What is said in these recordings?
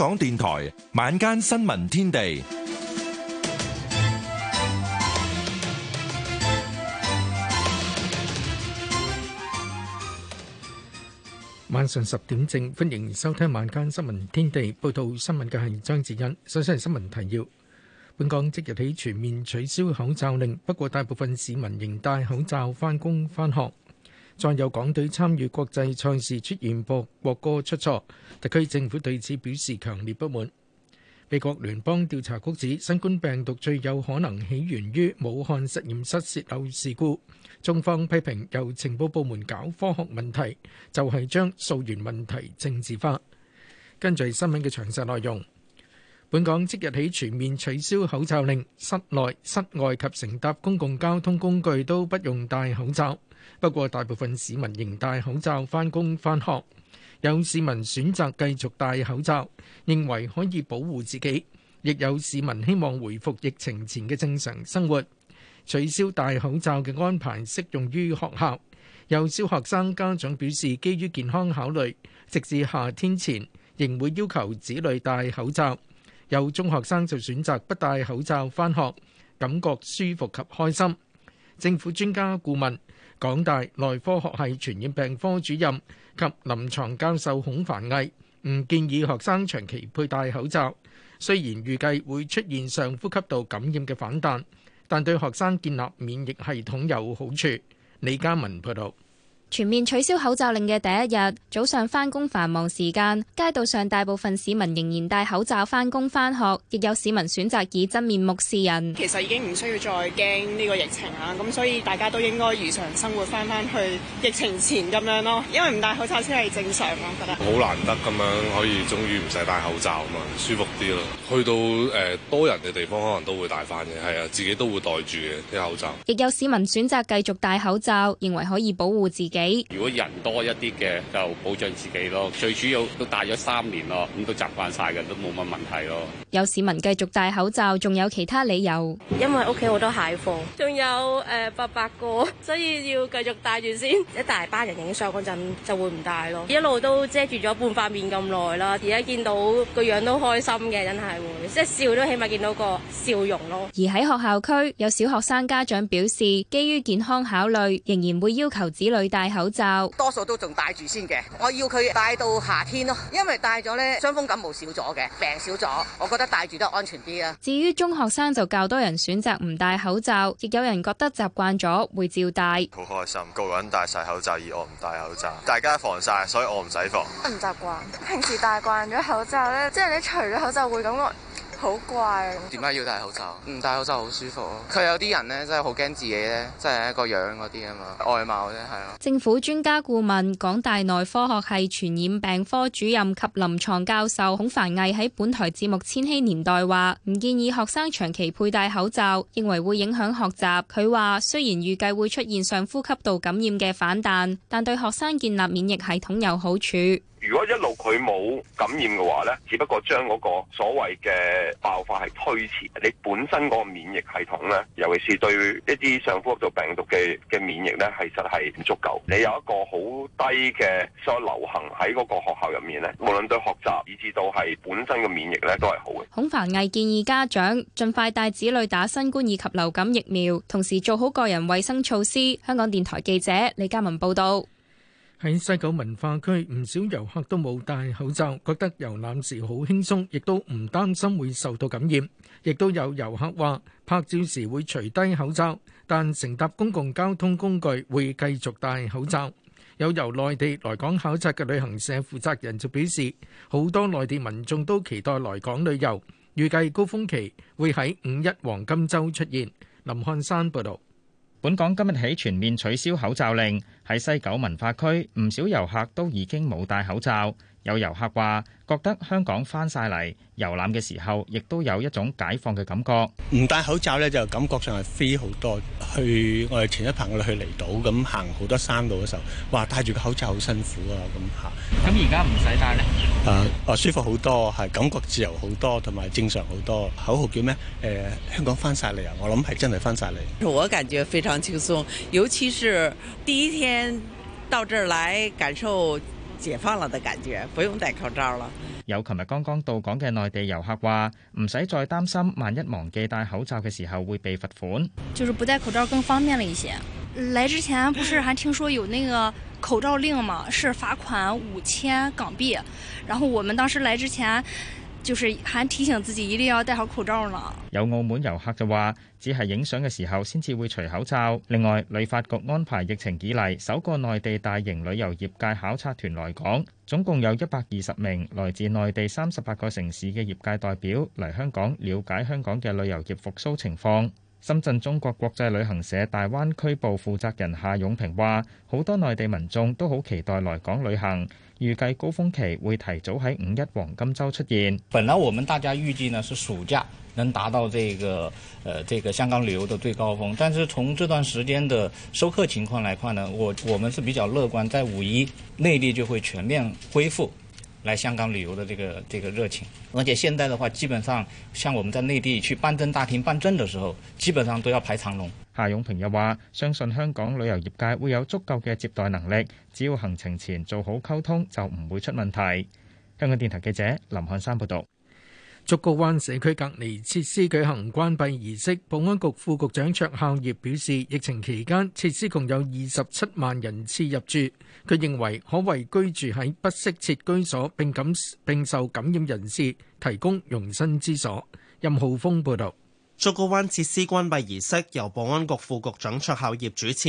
港電台晚間新聞天地，晚上十點正，歡迎收聽晚間新聞天地。報道新聞嘅係張志恩，首先係新聞提要。本港即日起全面取消口罩令，不過大部分市民仍戴口罩返工返學。再有港隊參與國際賽事出現播國歌出錯，特區政府對此表示強烈不滿。美國聯邦調查局指新冠病毒最有可能起源於武漢實驗室泄漏事故，中方批評由情報部門搞科學問題，就係將溯源問題政治化。跟住新聞嘅詳細內容。本港即日起全面取消口罩令，室內、室外及乘搭公共交通工具都不用戴口罩。不過，大部分市民仍戴口罩返工返學。有市民選擇繼續戴口罩，認為可以保護自己；亦有市民希望回復疫情前嘅正常生活。取消戴口罩嘅安排適用於學校。有小學生家長表示，基於健康考慮，直至夏天前仍會要求子女戴口罩。有中學生就選擇不戴口罩返學，感覺舒服及開心。政府專家顧問，港大內科學系傳染病科主任及臨床教授孔凡毅唔建議學生長期佩戴口罩。雖然預計會出現上呼吸道感染嘅反彈，但對學生建立免疫系統有好處。李嘉文報道。全面取消口罩令嘅第一日早上，返工繁忙時間街道上大部分市民仍然戴口罩返工返學，亦有市民選擇以真面目示人。其實已經唔需要再驚呢個疫情啦，咁所以大家都應該如常生活翻翻去疫情前咁樣咯。因為唔戴口罩先係正常，我覺得。好難得咁樣可以終於唔使戴口罩啊嘛，舒服啲咯。去到誒多人嘅地方，可能都會戴翻嘅，係啊，自己都會戴住嘅啲口罩。亦有市民選擇繼續戴口罩，認為可以保護自己。如果人多一啲嘅，就保障自己咯。最主要都戴咗三年咯，咁都習慣晒嘅，都冇乜問題咯。有市民繼續戴口罩，仲有其他理由，因為屋企好多蟹貨，仲有誒八百個，所以要繼續戴住先。一大班人影相嗰陣，就會唔戴咯。一路都遮住咗半塊面咁耐啦，而家見到個樣都開心嘅，真係會，即係笑都起碼見到個笑容咯。而喺學校區，有小學生家長表示，基於健康考慮，仍然會要求子女戴。口罩多數都仲戴住先嘅，我要佢戴到夏天咯，因為戴咗咧，傷風感冒少咗嘅，病少咗，我覺得戴住都安全啲啊。至於中學生就較多人選擇唔戴口罩，亦有人覺得習慣咗會照戴。好開心，個人戴晒口罩而我唔戴口罩，大家防晒，所以我唔使防。唔習慣，平時戴慣咗口罩咧， 即係你除咗口罩會感覺。好怪啊。點解要戴口罩？唔戴口罩好舒服啊。佢有啲人呢，真係好驚自己呢，即係一個樣嗰啲啊嘛，外貌咧係啊。政府專家顧問、港大內科學系傳染病科主任及臨床教授孔繁毅喺本台節目《千禧年代》話：唔建議學生長期佩戴口罩，認為會影響學習。佢話：雖然預計會出現上呼吸道感染嘅反彈，但對學生建立免疫系統有好處。如果一路佢冇感染嘅話，呢，只不過將嗰個所謂嘅爆發係推遲。你本身嗰個免疫系統呢，尤其是對一啲上呼吸道病毒嘅嘅免疫呢，其實，係唔足夠。你有一個好低嘅所流行喺嗰個學校入面呢，無論對學習以至到係本身嘅免疫呢，都係好嘅。孔凡毅建議家長盡快帶子女打新冠以及流感疫苗，同時做好個人衛生措施。香港電台記者李嘉文報道。喺西九文化區，唔少遊客都冇戴口罩，覺得遊覽時好輕鬆，亦都唔擔心會受到感染。亦都有遊客話拍照時會除低口罩，但乘搭公共交通工具會繼續戴口罩。有由內地來港考察嘅旅行社負責人就表示，好多內地民眾都期待來港旅遊，預計高峰期會喺五一黃金周出現。林漢山報導。本港今日起全面取消口罩令，喺西九文化區，唔少遊客都已經冇戴口罩。有遊客話，覺得香港翻晒嚟，遊覽嘅時候，亦都有一種解放嘅感覺。唔戴口罩咧，就感覺上係 free 好多。去我哋前一排我哋去離島，咁行好多山路嘅時候，話戴住個口罩好辛苦啊。咁吓，咁而家唔使戴咧，誒，啊，舒服好多，係感覺自由好多，同埋正常好多。口號叫咩？誒、呃，香港翻晒嚟啊！我諗係真係翻晒嚟。我感覺非常輕鬆，尤其是第一天到這兒來感受。解放了的感覺，不用戴口罩了。有琴日剛剛到港嘅內地遊客話，唔使再擔心萬一忘記戴口罩嘅時候會被罰款。就是不戴口罩更方便了一些。來之前不是還聽說有那個口罩令嘛，是罰款五千港幣。然後我們當時來之前。就是，還提醒自己一定要戴好口罩呢。有澳門遊客就話，只係影相嘅時候先至會除口罩。另外，旅發局安排疫情以嚟首個內地大型旅遊業界考察團來港，總共有一百二十名來自內地三十八個城市嘅業界代表嚟香港了解香港嘅旅遊業復甦情況。深圳中國國際旅行社大灣區部負責人夏勇平話，好多內地民眾都好期待來港旅行。預計高峰期會提早喺五一黃金周出現，本來我們大家預計呢是暑假能達到這個呃，這個香港旅遊的最高峰。但是從這段時間的收客情況來看呢，我我們是比較樂觀，在五一內地就會全面恢復。來香港旅遊的這個這個熱情，而且現在的話，基本上像我們在內地去辦證大廳辦證的時候，基本上都要排長龍。夏永平又話，相信香港旅遊業界會有足夠嘅接待能力，只要行程前做好溝通，就唔會出問題。香港電台記者林漢山報道。竹篙灣社區隔離設施舉行關閉儀式，保安局副局長卓孝業表示，疫情期間設施共有二十七萬人次入住，佢認為可為居住喺不適切居所並感並受感染人士提供容身之所。任浩峰報導。竹篙灣設施關閉儀式由保安局副局長卓孝業主持，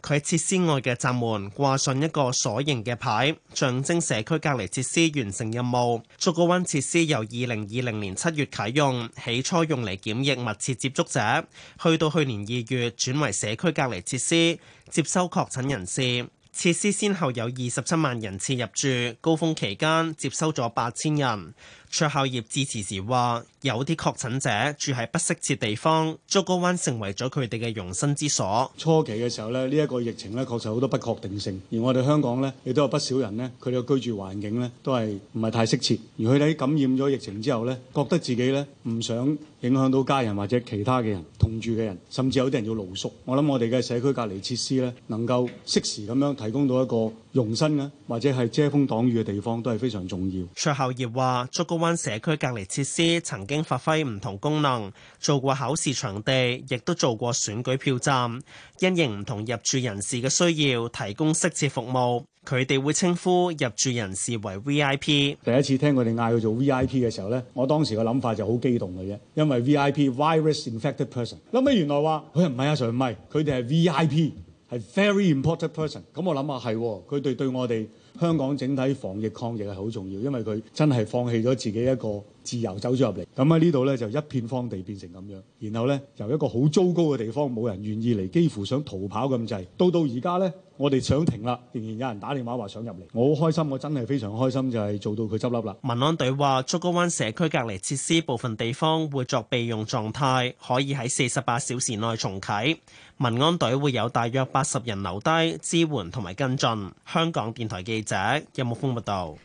佢喺設施外嘅閘門掛上一個鎖形嘅牌，象徵社區隔離設施完成任務。竹篙灣設施由二零二零年七月啟用，起初用嚟檢疫密切接觸者，去到去年二月轉為社區隔離設施，接收確診人士。設施先後有二十七萬人次入住，高峰期間接收咗八千人。卓孝業致辭時話：有啲確診者住喺不適切地方，竹篙灣成為咗佢哋嘅容身之所。初期嘅時候呢，呢、呢、一個疫情呢確實好多不確定性，而我哋香港呢，亦都有不少人呢，佢哋嘅居住環境呢，都係唔係太適切。而佢哋感染咗疫情之後呢，覺得自己呢，唔想影響到家人或者其他嘅人同住嘅人，甚至有啲人要露宿。我諗我哋嘅社區隔離設施呢，能夠適時咁樣提供到一個。容身嘅、啊、或者係遮風擋雨嘅地方都係非常重要。卓孝業話：竹篙灣社區隔離設施曾經發揮唔同功能，做過考試場地，亦都做過選舉票站，因應唔同入住人士嘅需要提供適切服務。佢哋會稱呼入住人士為 V I P。第一次聽佢哋嗌佢做 V I P 嘅時候咧，我當時嘅諗法就好激動嘅啫，因為 V I P Virus Infected Person。諗起原來話佢唔係啊，Sir 唔係，佢哋係 V I P。係 very important person，咁我諗下，係，佢哋對我哋香港整體防疫抗疫係好重要，因為佢真係放棄咗自己一個自由走咗入嚟。咁喺呢度呢，就一片荒地變成咁樣，然後呢，由一個好糟糕嘅地方冇人願意嚟，幾乎想逃跑咁滯。到到而家呢，我哋想停啦，仍然有人打電話話想入嚟。我好開心，我真係非常開心，就係做到佢執笠啦。民安隊話，竹篙灣社區隔離設施部分地方會作備用狀態，可以喺四十八小時內重啟。民安隊會有大約八十人留低支援同埋跟進。香港電台記者任木峰報道。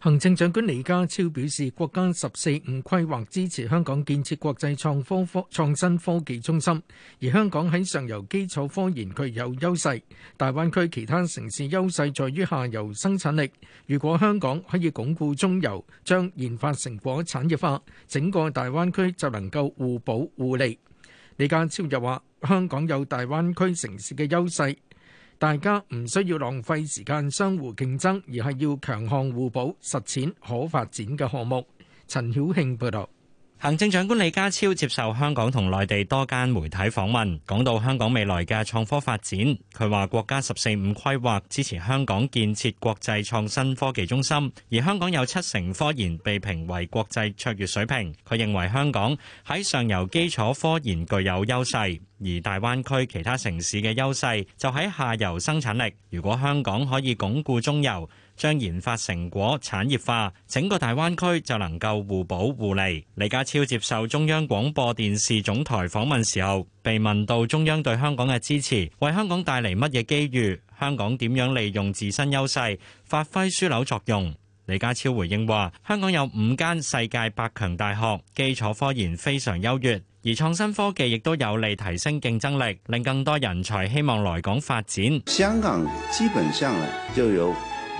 行政長官李家超表示，國家十四五規劃支持香港建設國際創科科創新科技中心，而香港喺上游基礎科研具有優勢。大灣區其他城市優勢在於下游生產力。如果香港可以鞏固中游，將研發成果產業化，整個大灣區就能夠互補互利。李家超又話。香港有大灣區城市嘅優勢，大家唔需要浪費時間相互競爭，而係要強項互補，實踐可發展嘅項目。陳曉慶報道。行政長官李家超接受香港同內地多間媒體訪問，講到香港未來嘅創科發展，佢話國家十四五規劃支持香港建設國際創新科技中心，而香港有七成科研被評為國際卓越水平。佢認為香港喺上游基礎科研具有優勢，而大灣區其他城市嘅優勢就喺下游生產力。如果香港可以鞏固中游，將研發成果產業化，整個大灣區就能夠互補互利。李家超接受中央廣播電視總台訪問時候，被問到中央對香港嘅支持，為香港帶嚟乜嘢機遇？香港點樣利用自身優勢，發揮樞紐作用？李家超回應話：香港有五間世界百強大學，基礎科研非常優越，而創新科技亦都有利提升競爭力，令更多人才希望來港發展。香港基本上就有。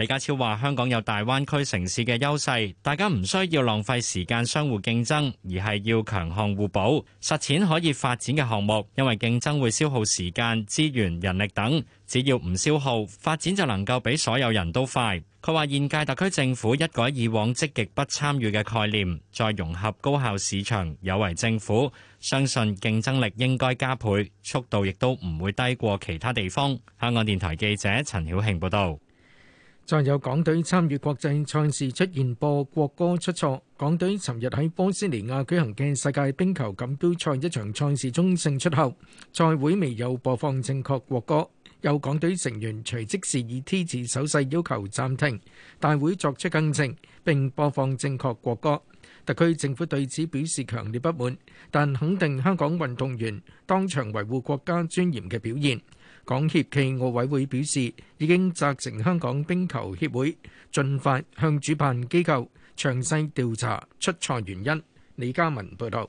李家超話：香港有大灣區城市嘅優勢，大家唔需要浪費時間相互競爭，而係要強項互補，實踐可以發展嘅項目。因為競爭會消耗時間、資源、人力等，只要唔消耗，發展就能夠俾所有人都快。佢話：現屆特區政府一改以往積極不參與嘅概念，再融合高效市場，有為政府相信競爭力應該加倍，速度亦都唔會低過其他地方。香港電台記者陳曉慶報道。再有港隊參與國際賽事出現播國歌出錯，港隊尋日喺波斯尼亞舉行嘅世界冰球錦標賽一場賽事中勝出後，賽會未有播放正確國歌，有港隊成員隨即示意 T 字手勢要求暫停，大會作出更正並播放正確國歌。特區政府對此表示強烈不滿，但肯定香港運動員當場維護國家尊嚴嘅表現。港協暨奧委會表示，已經責成香港冰球協會盡快向主辦機構詳細調查出賽原因。李嘉文報導。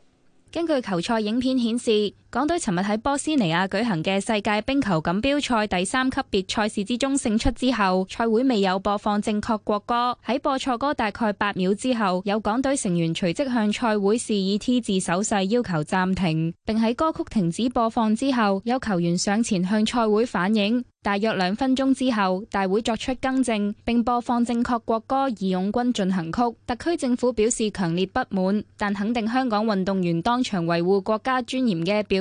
根據球賽影片顯示，港隊尋日喺波斯尼亞舉行嘅世界冰球錦標賽第三級別賽事之中勝出之後，賽會未有播放正確國歌。喺播錯歌大概八秒之後，有港隊成員隨即向賽會示意 T 字手勢要求暫停，並喺歌曲停止播放之後，有球員上前向賽會反映。大約兩分鐘之後，大會作出更正，並播放正確國歌《義勇軍進行曲》。特區政府表示強烈不滿，但肯定香港運動員當場維護國家尊嚴嘅表。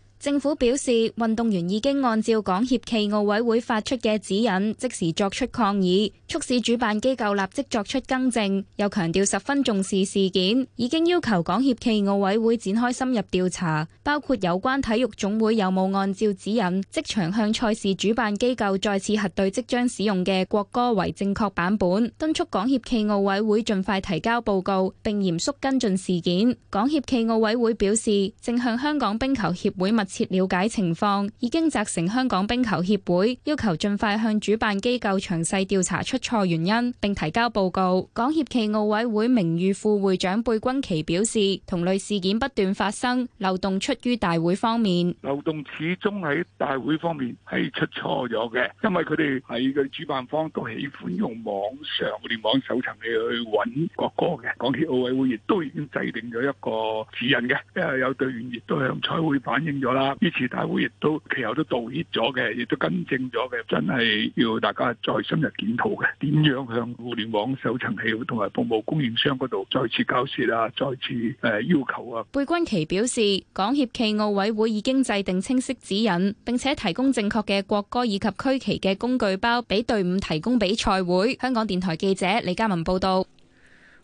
政府表示，運動員已經按照港協暨奧委會發出嘅指引，即時作出抗議，促使主辦機構立即作出更正。又強調十分重視事件，已經要求港協暨奧委會展開深入調查，包括有關體育總會有冇按照指引即場向賽事主辦機構再次核對即將使用嘅國歌為正確版本，敦促港協暨奧委會盡快提交報告並嚴肅跟進事件。港協暨奧委會表示，正向香港冰球協會密切了解情況，已經責成香港冰球協會，要求盡快向主辦機構詳細調查出錯原因，並提交報告。港協暨奧委會名譽副會長貝君琪表示，同類事件不斷發生，漏洞出於大會方面。漏洞始終喺大會方面係出錯咗嘅，因為佢哋係佢主辦方都喜歡用網上互聯網搜尋器去揾國歌嘅。港協奧委會亦都已經製定咗一個指引嘅，因為有隊員亦都向賽會反映咗啦。啊！呢次大會亦都其後都道歉咗嘅，亦都更正咗嘅，真係要大家再深入檢討嘅點樣向互聯網搜尋器同埋服務供應商嗰度再次交涉啊，再次誒要求啊。貝君奇表示，港協暨奧委會已經制定清晰指引，並且提供正確嘅國歌以及區旗嘅工具包俾隊伍提供比賽會。香港電台記者李嘉文報道。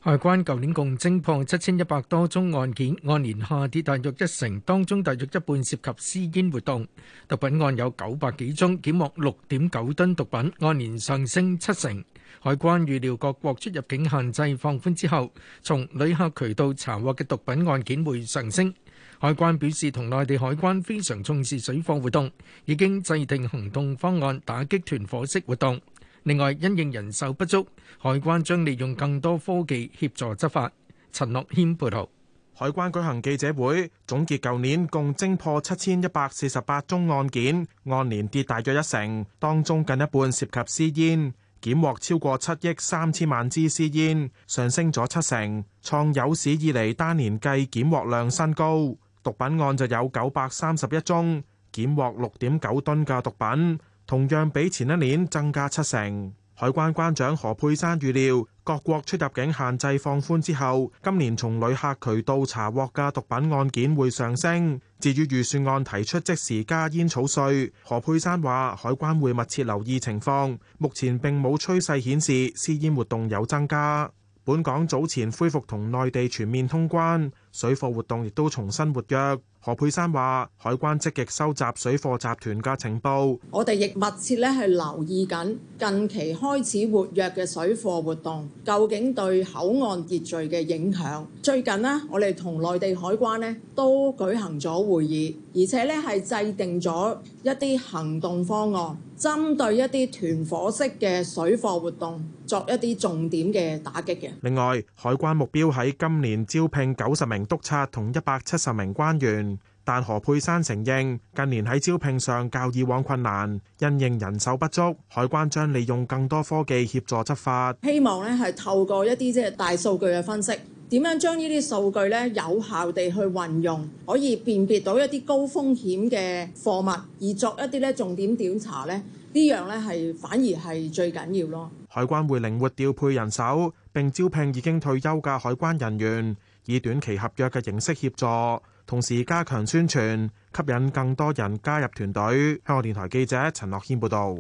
海關舊年共偵破七千一百多宗案件，按年下跌大約一成，當中大約一半涉及私煙活動。毒品案有九百幾宗，檢獲六點九噸毒品，按年上升七成。海關預料各國出入境限制放寬之後，從旅客渠道查獲嘅毒品案件會上升。海關表示，同內地海關非常重視水貨活動，已經制定行動方案，打擊團伙式活動。另外，因應人手不足，海關將利用更多科技協助執法。陳樂謙報道，海關舉行記者會總結，舊年共偵破七千一百四十八宗案件，按年跌大約一成。當中近一半涉及私煙，檢獲超過七億三千萬支私煙，上升咗七成，創有史以嚟單年計檢獲量新高。毒品案就有九百三十一宗，檢獲六點九噸嘅毒品。同樣比前一年增加七成。海關關長何佩山預料，各國出入境限制放寬之後，今年從旅客渠道查獲嘅毒品案件會上升。至於預算案提出即時加煙草稅，何佩山話：海關會密切留意情況，目前並冇趨勢顯示私煙活動有增加。本港早前恢復同內地全面通關。水貨活動亦都重新活躍，何佩珊話，海關積極收集水貨集團嘅情報，我哋亦密切咧係留意緊近期開始活躍嘅水貨活動，究竟對口岸秩序嘅影響。最近呢，我哋同內地海關呢都舉行咗會議，而且呢係制定咗一啲行動方案，針對一啲團伙式嘅水貨活動作一啲重點嘅打擊嘅。另外，海關目標喺今年招聘九十名。督察同一百七十名官員，但何佩珊承認近年喺招聘上較以往困難，因應人手不足，海關將利用更多科技協助執法。希望咧係透過一啲即係大數據嘅分析，點樣將呢啲數據咧有效地去運用，可以辨別到一啲高風險嘅貨物，而作一啲咧重點調查咧呢樣咧係反而係最緊要咯。海關會靈活調配人手，並招聘已經退休嘅海關人員。以短期合約嘅形式協助，同時加強宣傳，吸引更多人加入團隊。香港電台記者陳樂軒報導。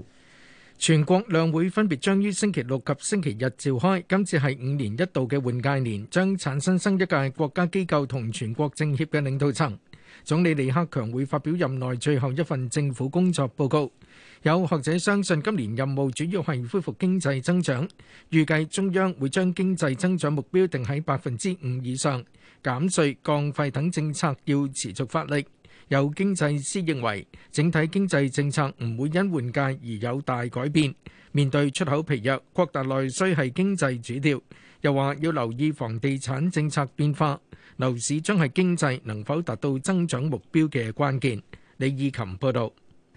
全國兩會分別將於星期六及星期日召開，今次係五年一度嘅換屆年，將產生新一屆國家機構同全國政協嘅領導層。總理李克強會發表任內最後一份政府工作報告，有學者相信今年任務主要係恢復經濟增長，預計中央會將經濟增長目標定喺百分之五以上，減稅降費等政策要持續發力。有經濟師認為，整體經濟政策唔會因換屆而有大改變，面對出口疲弱，擴大內需係經濟主調，又話要留意房地產政策變化。樓市將係經濟能否達到增長目標嘅關鍵。李義琴報道，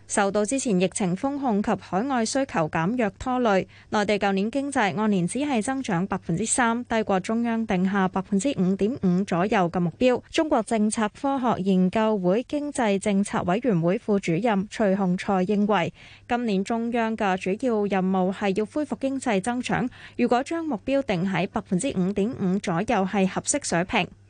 受到之前疫情封控及海外需求減弱拖累，內地舊年經濟按年只係增長百分之三，低過中央定下百分之五點五左右嘅目標。中國政策科學研究會經濟政策委員會副主任徐洪才認為，今年中央嘅主要任務係要恢復經濟增長，如果將目標定喺百分之五點五左右，係合適水平。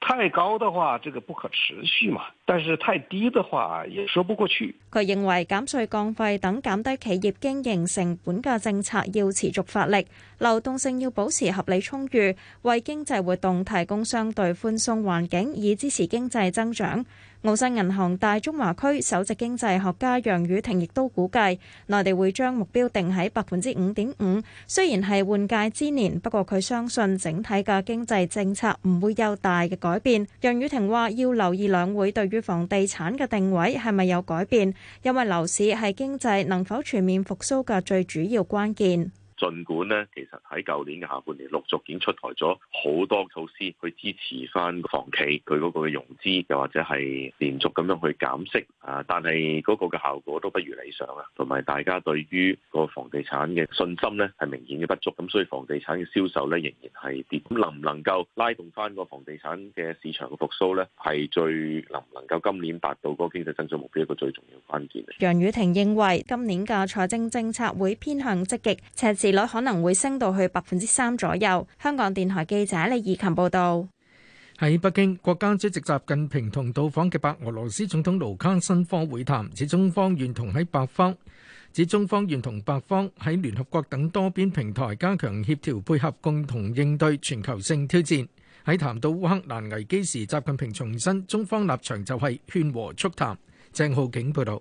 太高的話，這個不可持續嘛。但是太低的話，也說不過去。佢認為減稅降費等減低企業經營成本嘅政策要持續發力，流動性要保持合理充裕，為經濟活動提供相對寬鬆環境，以支持經濟增長。澳新銀行大中華區首席經濟學家楊宇婷亦都估計，內地會將目標定喺百分之五點五。雖然係換屆之年，不過佢相信整體嘅經濟政策唔會有大嘅改變。楊宇婷話：要留意兩會對於房地產嘅定位係咪有改變，因為樓市係經濟能否全面復甦嘅最主要關鍵。儘管呢，其實喺舊年嘅下半年，陸續已經出台咗好多措施去支持返房企佢嗰個嘅融資，又或者係連續咁樣去減息啊，但係嗰個嘅效果都不如理想啊，同埋大家對於個房地產嘅信心呢係明顯嘅不足，咁所以房地產嘅銷售呢仍然係跌，咁能唔能夠拉動返個房地產嘅市場嘅復甦呢？係最能唔能夠今年達到嗰個經濟增長目標一個最重要關鍵。楊雨婷認為今年嘅財政政策會偏向積極，利率可能會升到去百分之三左右。香港電台記者李怡琴報道。喺北京，國家主席習近平同到訪嘅白俄羅斯總統盧卡申科會談，指中方願同喺白方指中方願同白方喺聯合國等多邊平台加強協調配合，共同應對全球性挑戰。喺談到烏克蘭危機時，習近平重申中方立場就係勸和促談。鄭浩景報道。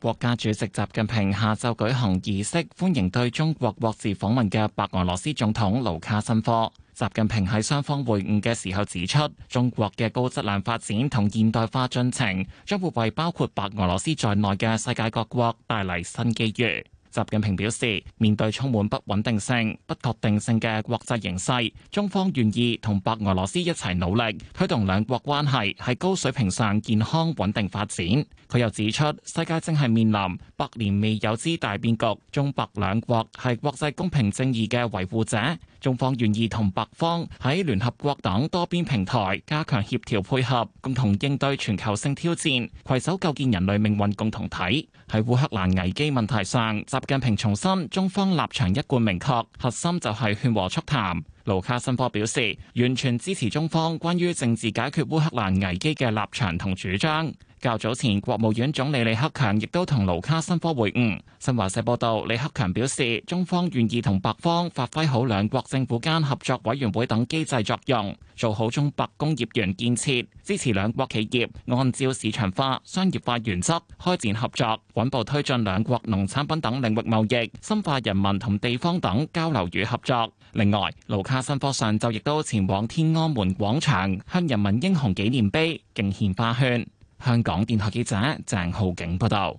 國家主席習近平下晝舉行儀式，歡迎對中國國事訪問嘅白俄羅斯總統盧卡申科。習近平喺雙方會晤嘅時候指出，中國嘅高質量發展同現代化進程，將會為包括白俄羅斯在內嘅世界各國帶嚟新機遇。習近平表示，面對充滿不穩定性、不確定性嘅國際形勢，中方願意同白俄羅斯一齊努力，推動兩國關係喺高水平上健康穩定發展。佢又指出，世界正係面臨百年未有之大變局，中白兩國，係國際公平正義嘅維護者，中方願意同白方喺聯合國等多邊平台加強協調配合，共同應對全球性挑戰，攜手構建人類命運共同體。喺烏克蘭危機問題上，習近平重申中方立場一貫明確，核心就係勸和促談。盧卡申科表示，完全支持中方關於政治解決烏克蘭危機嘅立場同主張。較早前，國務院總理李克強亦都同盧卡申科會晤。新華社報道，李克強表示，中方願意同白方發揮好兩國政府間合作委員會等機制作用，做好中白工業園建設，支持兩國企業按照市場化、商業化原則開展合作，穩步推進兩國農產品等領域貿易，深化人民同地方等交流與合作。另外，盧卡申科上晝亦都前往天安門廣場向人民英雄紀念碑敬獻花圈。香港電台記者鄭浩景報道，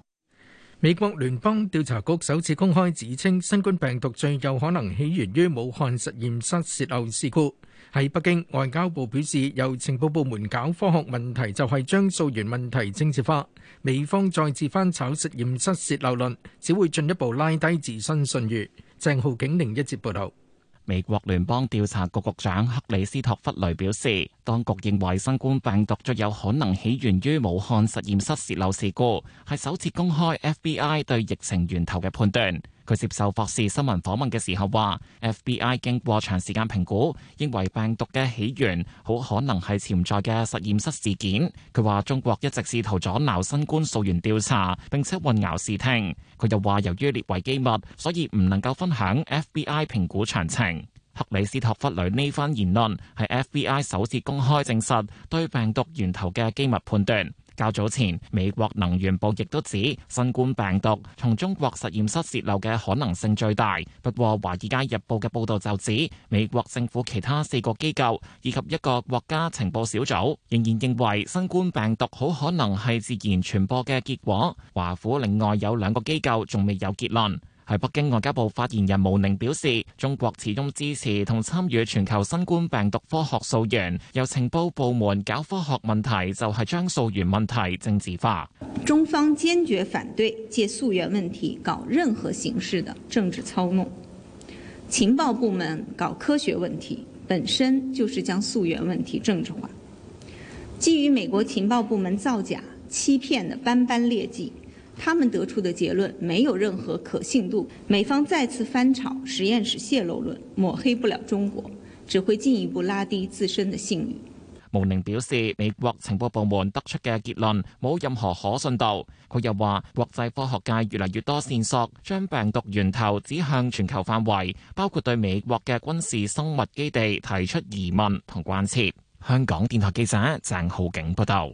美國聯邦調查局首次公開指稱，新冠病毒最有可能起源於武漢實驗室泄漏事故。喺北京，外交部表示，由情報部門搞科學問題就係將溯源問題政治化，美方再次翻炒實驗室泄漏論，只會進一步拉低自身信譽。鄭浩景另一節報道。美國聯邦調查局局長克里斯托弗雷表示，當局認為新冠病毒最有可能起源於武漢實驗室洩漏事故，係首次公開 FBI 對疫情源頭嘅判斷。佢接受《霍士新聞》訪問嘅時候話，FBI 經過長時間評估，認為病毒嘅起源好可能係潛在嘅實驗室事件。佢話中國一直試圖阻撓新冠溯源調查，並且混淆視聽。佢又話由於列為機密，所以唔能夠分享 FBI 評估詳情。克里斯托弗雷呢番言論係 FBI 首次公開證實對病毒源頭嘅機密判斷。較早前，美國能源部亦都指新冠病毒從中國實驗室洩漏嘅可能性最大。不過，華爾街日報嘅報道就指，美國政府其他四個機構以及一個國家情報小組仍然認為新冠病毒好可能係自然傳播嘅結果。華府另外有兩個機構仲未有結論。喺北京外交部發言人毛寧表示：中國始終支持同參與全球新冠病毒科學溯源，有情報部門搞科學問題就係將溯源問題政治化。中方堅決反對借溯源問題搞任何形式的政治操弄，情報部門搞科學問題本身就是將溯源問題政治化。基於美國情報部門造假、欺騙的斑斑劣跡。他們得出的結論沒有任何可信度，美方再次翻炒實驗室泄露論，抹黑不了中國，只會進一步拉低自身的信譽。毛寧表示，美國情報部門得出嘅結論冇任何可信度。佢又話，國際科學界越嚟越多線索，將病毒源頭指向全球範圍，包括對美國嘅軍事生物基地提出疑問同關切。香港電台記者鄭浩景報道。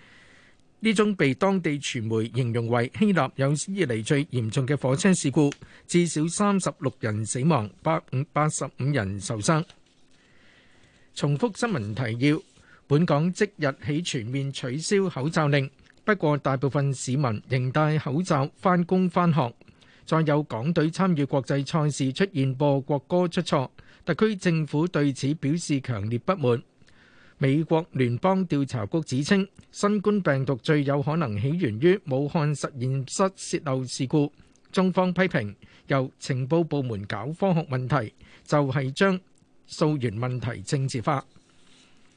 呢種被當地傳媒形容為希臘有史以嚟最嚴重嘅火車事故，至少三十六人死亡，八十五人受傷。重複新聞提要：本港即日起全面取消口罩令，不過大部分市民仍戴口罩返工返學。再有港隊參與國際賽事出現播國歌出錯，特區政府對此表示強烈不滿。美國聯邦調查局指稱，新冠病毒最有可能起源於武漢實驗室泄漏事故。中方批評由情報部門搞科學問題，就係將溯源問題政治化。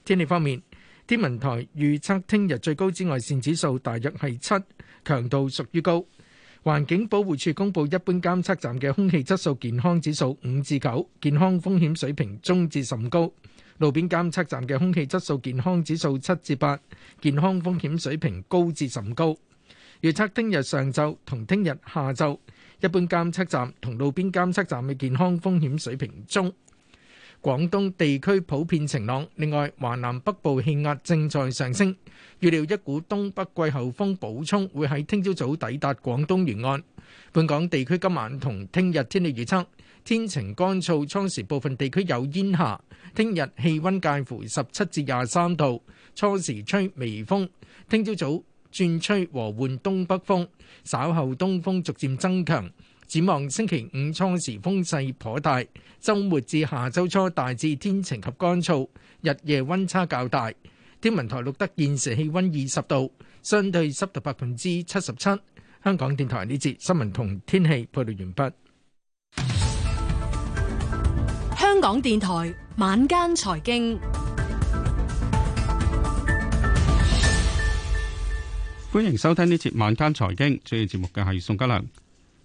天氣方面，天文台預測聽日最高紫外線指數大約係七，強度屬於高。環境保護署公布一般監測站嘅空氣質素健康指數五至九，健康風險水平中至甚高。路邊監測站嘅空氣質素健康指數七至八，健康風險水平高至甚高。預測聽日上晝同聽日下晝，一般監測站同路邊監測站嘅健康風險水平中。廣東地區普遍晴朗，另外華南北部氣壓正在上升，預料一股東北季候風補充會喺聽朝早抵達廣東沿岸。本港地區今晚同聽日天氣預測。天晴乾燥，初時部分地區有煙霞。聽日氣温介乎十七至廿三度，初時吹微風，聽朝早轉吹和緩東北風，稍後東風逐漸增強。展望星期五初時風勢頗大，周末至下周初大致天晴及乾燥，日夜温差較大。天文台錄得現時氣温二十度，相對濕度百分之七十七。香港電台呢節新聞同天氣報導完畢。港電台晚間財經，歡迎收聽呢節晚間財經。主持節目嘅係宋吉良。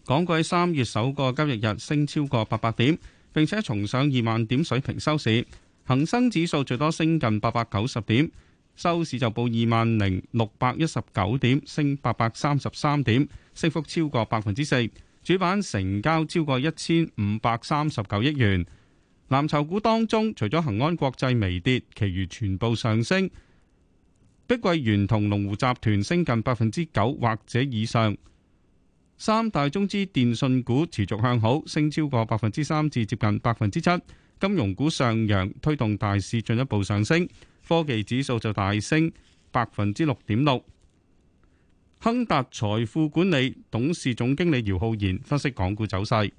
港股喺三月首個交易日，日升超過八百點，並且重上二萬點水平收市。恒生指數最多升近八百九十點，收市就報二萬零六百一十九點，升八百三十三點，升幅超過百分之四。主板成交超過一千五百三十九億元。藍籌股當中，除咗恒安國際微跌，其餘全部上升。碧桂園同龍湖集團升近百分之九或者以上。三大中資電信股持續向好，升超過百分之三至接近百分之七。金融股上揚，推動大市進一步上升。科技指數就大升百分之六點六。亨達財富管理董事總經理姚浩然分析港股走勢。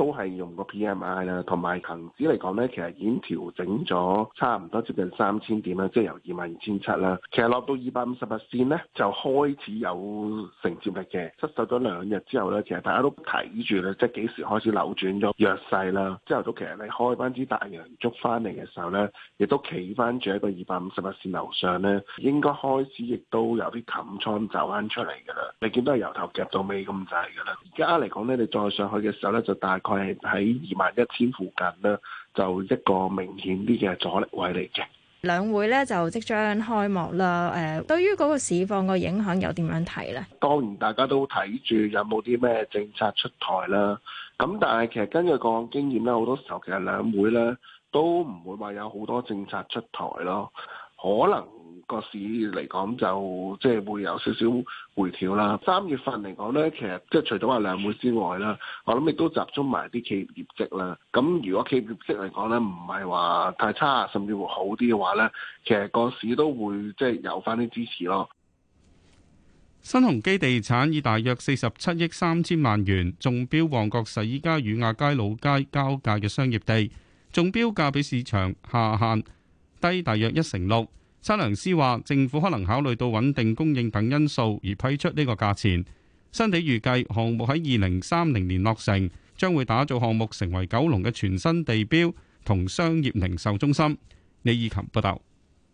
都係用個 PMI 啦，同埋恆指嚟講咧，其實已經調整咗差唔多接近三千點啦，即係由二萬二千七啦。其實落到二百五十日線咧，就開始有承接力嘅，失守咗兩日之後咧，其實大家都睇住啦，即係幾時開始扭轉咗弱勢啦。之後都其實你開翻支大陽燭翻嚟嘅時候咧，亦都企翻住喺個二百五十日線樓上咧，應該開始亦都有啲冚倉走翻出嚟㗎啦。你見到係由頭夾到尾咁滯㗎啦。而家嚟講咧，你再上去嘅時候咧，就大概。係喺二萬一千附近呢，就一個明顯啲嘅阻力位嚟嘅。兩會呢就即將開幕啦，誒、呃，對於嗰個市況個影響有點樣睇呢？當然大家都睇住有冇啲咩政策出台啦。咁但係其實根據個案經驗呢，好多時候其實兩會呢都唔會話有好多政策出台咯，可能。個市嚟講，就即係會有少少回調啦。三月份嚟講呢，其實即係除咗話兩會之外啦，我諗亦都集中埋啲企業業績啦。咁如果企業業績嚟講呢，唔係話太差，甚至會好啲嘅話呢，其實個市都會即係有翻啲支持咯。新鴻基地產以大約四十七億三千萬元中標旺角洗衣街與亞皆老街交界嘅商業地，中標價比市場下限低大約一成六。測量師話：政府可能考慮到穩定供應等因素而批出呢個價錢。新地預計項目喺二零三零年落成，將會打造項目成為九龍嘅全新地標同商業零售中心。李以琴報道。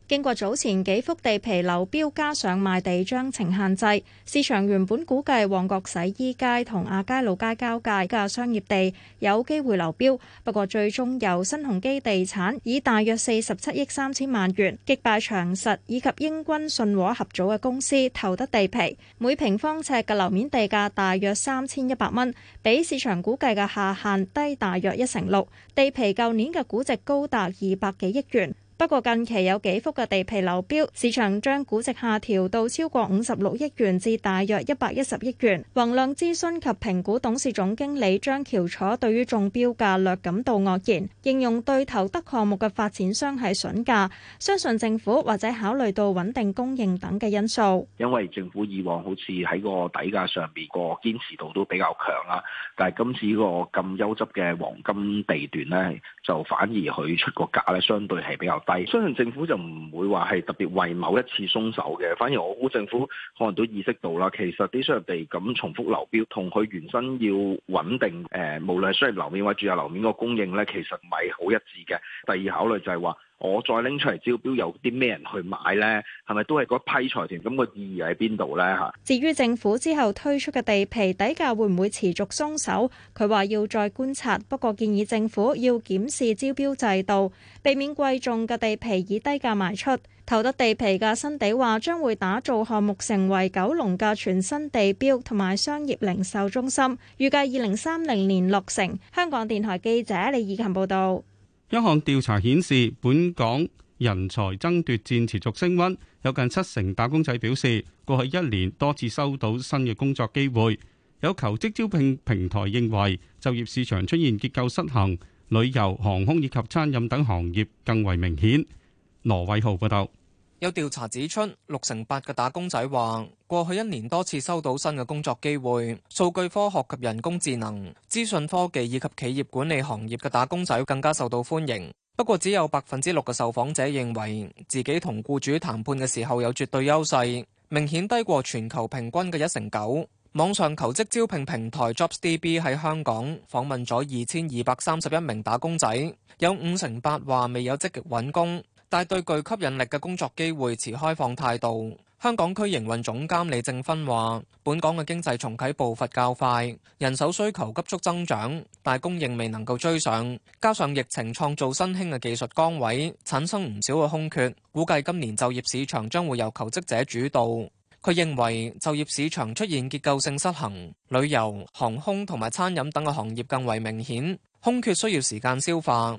經過早前幾幅地皮流標，加上賣地章程限制，市場原本估計旺角洗衣街同亞皆老街交界嘅商業地有機會流標。不過，最終由新鴻基地產以大約四十七億三千萬元擊敗長實以及英軍信和合組嘅公司，投得地皮。每平方尺嘅樓面地價大約三千一百蚊，比市場估計嘅下限低大約一成六。地皮舊年嘅估值高達二百幾億元。不過近期有幾幅嘅地皮流標，市場將估值下調到超過五十六億元，至大約一百一十億元。宏亮諮詢及評估董事總經理張喬楚對於中標價略感到愕然，形容對投得項目嘅發展商係筍價，相信政府或者考慮到穩定供應等嘅因素。因為政府以往好似喺個底價上邊個堅持度都比較強啦，但係今次呢個咁優質嘅黃金地段呢，就反而佢出個價呢，相對係比較。相信政府就唔會話係特別為某一次鬆手嘅，反而我估政府可能都意識到啦。其實啲商業地咁重複流標，同佢原身要穩定誒、呃，無論商業樓面或者住宅樓面個供應咧，其實唔係好一致嘅。第二考慮就係話。我再拎出嚟招標有啲咩人去買咧？係咪都係嗰批財團？咁個意義喺邊度咧？吓，至於政府之後推出嘅地皮底價會唔會持續鬆手？佢話要再觀察，不過建議政府要檢視招標制度，避免貴重嘅地皮以低價賣出。投得地皮嘅新地話將會打造項目，成為九龍嘅全新地標同埋商業零售中心。預計二零三零年落成。香港電台記者李以琴報道。一項調查顯示，本港人才爭奪戰持續升溫，有近七成打工仔表示，過去一年多次收到新嘅工作機會。有求職招聘平台認為，就業市場出現結構失衡，旅遊、航空以及餐飲等行業更為明顯。羅偉浩報道。有調查指出，六成八嘅打工仔話，過去一年多次收到新嘅工作機會。數據科學及人工智能、資訊科技以及企業管理行業嘅打工仔更加受到歡迎。不過，只有百分之六嘅受訪者認為自己同僱主談判嘅時候有絕對優勢，明顯低過全球平均嘅一成九。網上求職招聘平台 JobsDB 喺香港訪問咗二千二百三十一名打工仔，有五成八話未有積極揾工。但對具吸引力嘅工作機會持開放態度。香港區營運總監李正芬話，本港嘅經濟重啟步伐較快，人手需求急速增長，但供應未能夠追上，加上疫情創造新興嘅技術崗位，產生唔少嘅空缺。估計今年就業市場將會由求職者主導。佢認為就業市場出現結構性失衡，旅遊、航空同埋餐飲等嘅行業更為明顯，空缺需要時間消化。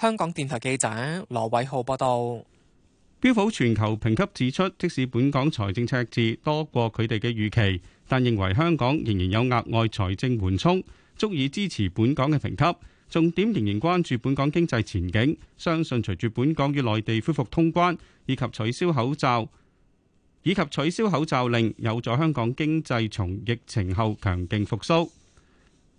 香港電台記者羅偉浩報道，標普全球評級指出，即使本港財政赤字多過佢哋嘅預期，但認為香港仍然有額外財政緩衝，足以支持本港嘅評級。重點仍然關注本港經濟前景，相信隨住本港與內地恢復通關，以及取消口罩，以及取消口罩令，有助香港經濟從疫情後強勁復蘇。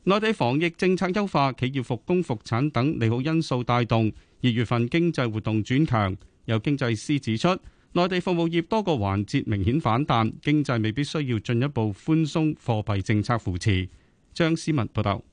內地防疫政策優化、企業復工復產等利好因素帶動二月份經濟活動轉強。有經濟師指出，內地服務業多個環節明顯反彈，經濟未必需要進一步寬鬆貨幣政策扶持。張思文報道。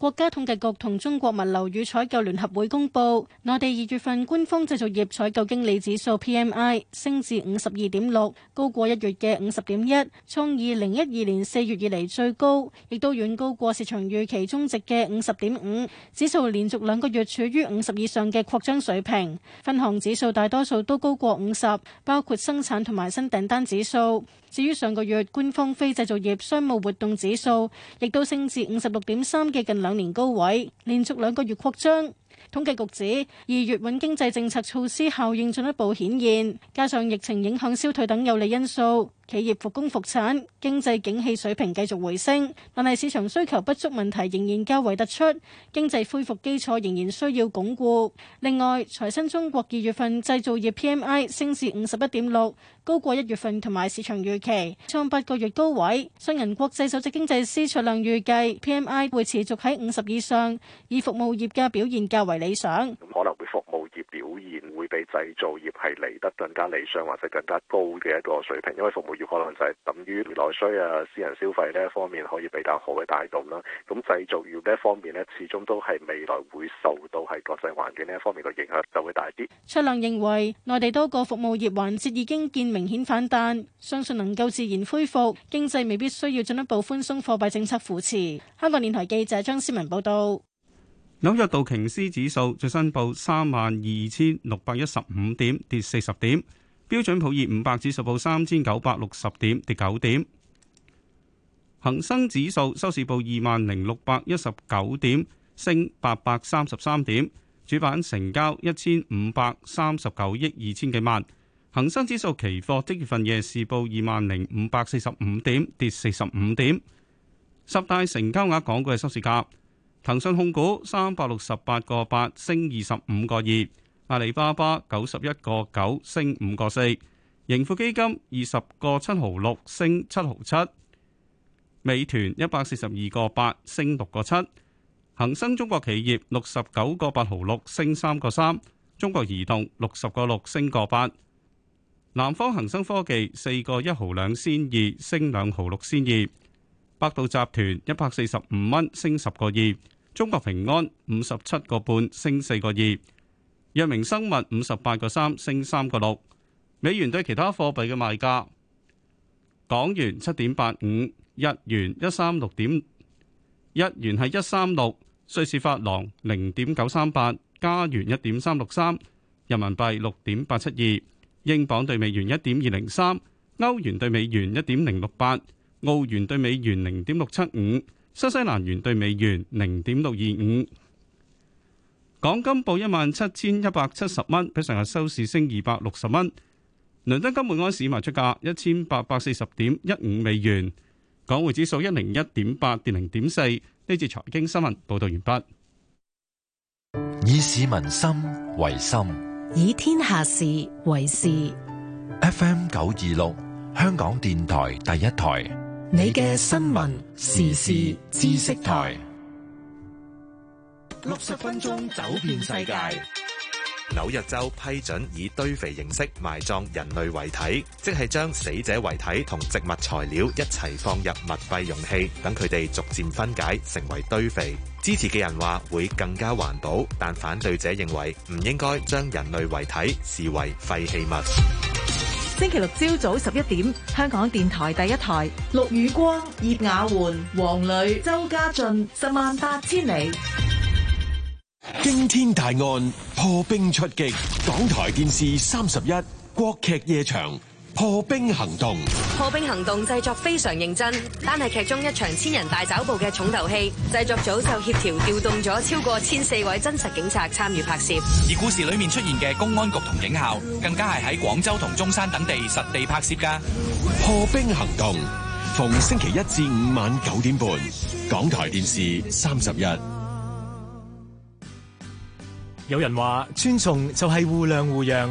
國家統計局同中國物流與採購聯合會公布，內地二月份官方製造業採購經理指數 PMI 升至五十二點六，高過一月嘅五十點一，創二零一二年四月以嚟最高，亦都遠高過市場預期中值嘅五十點五。指數連續兩個月處於五十以上嘅擴張水平，分項指數大多數都高過五十，包括生產同埋新訂單指數。至於上個月官方非製造業商務活動指數，亦都升至五十六點三嘅近兩年高位，連續兩個月擴張。統計局指，二月穩經濟政策措施效應進一步顯現，加上疫情影響消退等有利因素。企業復工復產，經濟景氣水平繼續回升，但係市場需求不足問題仍然較為突出，經濟恢復基礎仍然需要鞏固。另外，財新中國二月份製造業 PMI 升至五十一點六，高過一月份同埋市場預期，創八個月高位。信銀國際首席經濟師徐亮預計 PMI 會持續喺五十以上，以服務業嘅表現較為理想。製造業係嚟得更加理想，或者更加高嘅一個水平，因為服務業可能就係等於內需啊、私人消費呢一方面可以比較好嘅帶動啦。咁製造業呢一方面呢，始終都係未來會受到係國際環境呢一方面嘅影響就會大啲。卓亮認為，內地多個服務業環節已經見明顯反彈，相信能夠自然恢復，經濟未必需要進一步寬鬆貨幣政策扶持。香港電台記者張思文報道。紐約道瓊斯指數最新報三萬二千六百一十五點，跌四十點；標準普爾五百指數報三千九百六十點，跌九點；恒生指數收市報二萬零六百一十九點，升八百三十三點；主板成交一千五百三十九億二千幾萬；恒生指數期貨即月份夜市報二萬零五百四十五點，跌四十五點；十大成交額港股嘅收市價。騰訊控股三百六十八個八升二十五個二，阿里巴巴九十一個九升五個四，盈富基金二十個七毫六升七毫七，美團一百四十二個八升六個七，恒生中國企業六十九個八毫六升三個三，中國移動六十個六升個八，南方恒生科技四個一毫兩仙二升兩毫六仙二。百度集團一百四十五蚊，升十個二，中國平安，五十七個半升四個二，藥明生物五十八個三升三個六。美元對其他貨幣嘅賣價：港元七點八五，日元 6, 一三六點，日元係一三六，瑞士法郎零點九三八，加元一點三六三，3, 人民幣六點八七二，2, 英鎊對美元一點二零三，歐元對美元一點零六八。澳元兌美元零點六七五，新西蘭元兌美元零點六二五。港金報一萬七千一百七十蚊，比上日收市升二百六十蚊。倫敦金每盎司賣出價一千八百四十點一五美元。港匯指數一零一點八跌零點四。呢次財經新聞報道完畢。以市民心為心，以天下事為事。FM 九二六，香港電台第一台。你嘅新聞時事知識台，六十分鐘走遍世界。紐約州批准以堆肥形式埋葬人類遺體，即係將死者遺體同植物材料一齊放入密閉容器，等佢哋逐漸分解成為堆肥。支持嘅人話會更加環保，但反對者認為唔應該將人類遺體視為廢棄物。星期六朝早十一點，香港電台第一台。陸宇光、葉雅媛、黃磊、周家俊，十萬八千里。驚天大案，破冰出擊。港台電視三十一，國劇夜場。破冰行動，破冰行動製作非常認真，但係劇中一場千人大走步嘅重頭戲，製作組就協調調動咗超過千四位真實警察參與拍攝。而故事裏面出現嘅公安局同警校，更加係喺廣州同中山等地實地拍攝㗎。破冰行動逢星期一至五晚九點半，港台電視三十一。有人話，尊重就係互諒互讓。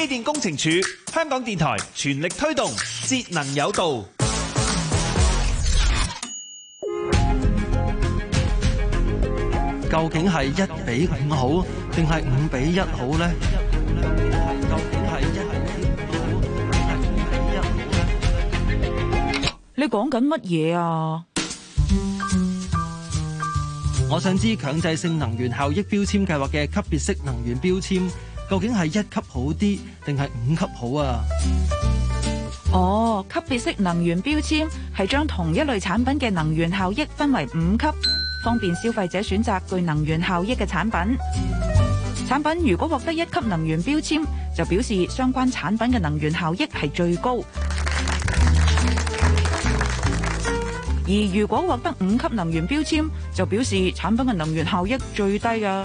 機電工程署，香港電台全力推動節能有道。究竟係一比五好，定係五比一好咧？究竟係一比五好，定係五比一好？你講緊乜嘢啊？我想知強制性能源效益標籤計劃嘅級別式能源標籤。究竟係一級好啲定係五級好啊？哦，級別式能源標籤係將同一類產品嘅能源效益分為五級，方便消費者選擇具能源效益嘅產品。產品如果獲得一級能源標籤，就表示相關產品嘅能源效益係最高； 而如果獲得五級能源標籤，就表示產品嘅能源效益最低㗎。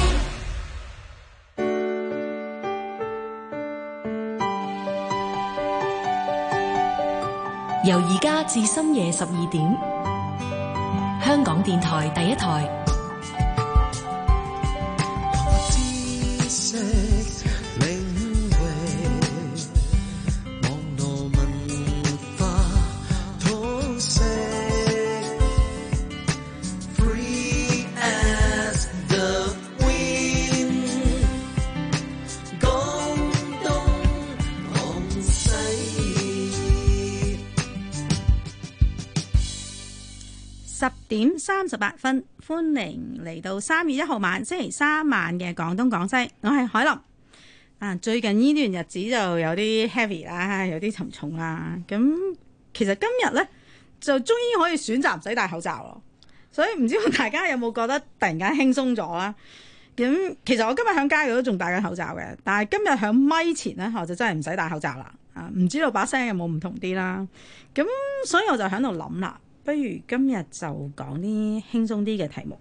由而家至深夜十二點，香港電台第一台。點三十八分，歡迎嚟到三月一號晚星期三晚嘅廣東廣西。我係海琳，啊，最近呢段日子就有啲 heavy 啦，有啲沉重啦。咁其實今日呢，就終於可以選擇唔使戴口罩咯。所以唔知大家有冇覺得突然間輕鬆咗啦？咁其實我今日響街度都仲戴緊口罩嘅，但係今日響咪前呢，我就真係唔使戴口罩啦。啊，唔知道把聲有冇唔同啲啦。咁所以我就喺度諗啦。不如今日就講啲輕鬆啲嘅題目。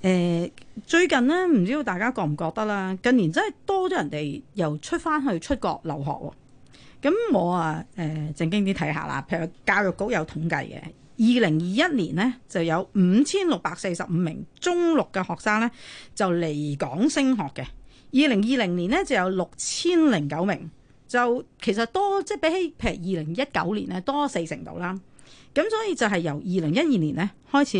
誒、欸，最近呢，唔知道大家覺唔覺得啦？近年真係多咗人哋又出返去出國留學喎、哦。咁我啊，誒、欸、正經啲睇下啦。譬如，教育局有統計嘅，二零二一年呢就有五千六百四十五名中六嘅學生呢就離港升學嘅。二零二零年呢就有六千零九名，就其實多即係比起譬如二零一九年呢多四成度啦。咁所以就係由二零一二年咧開始。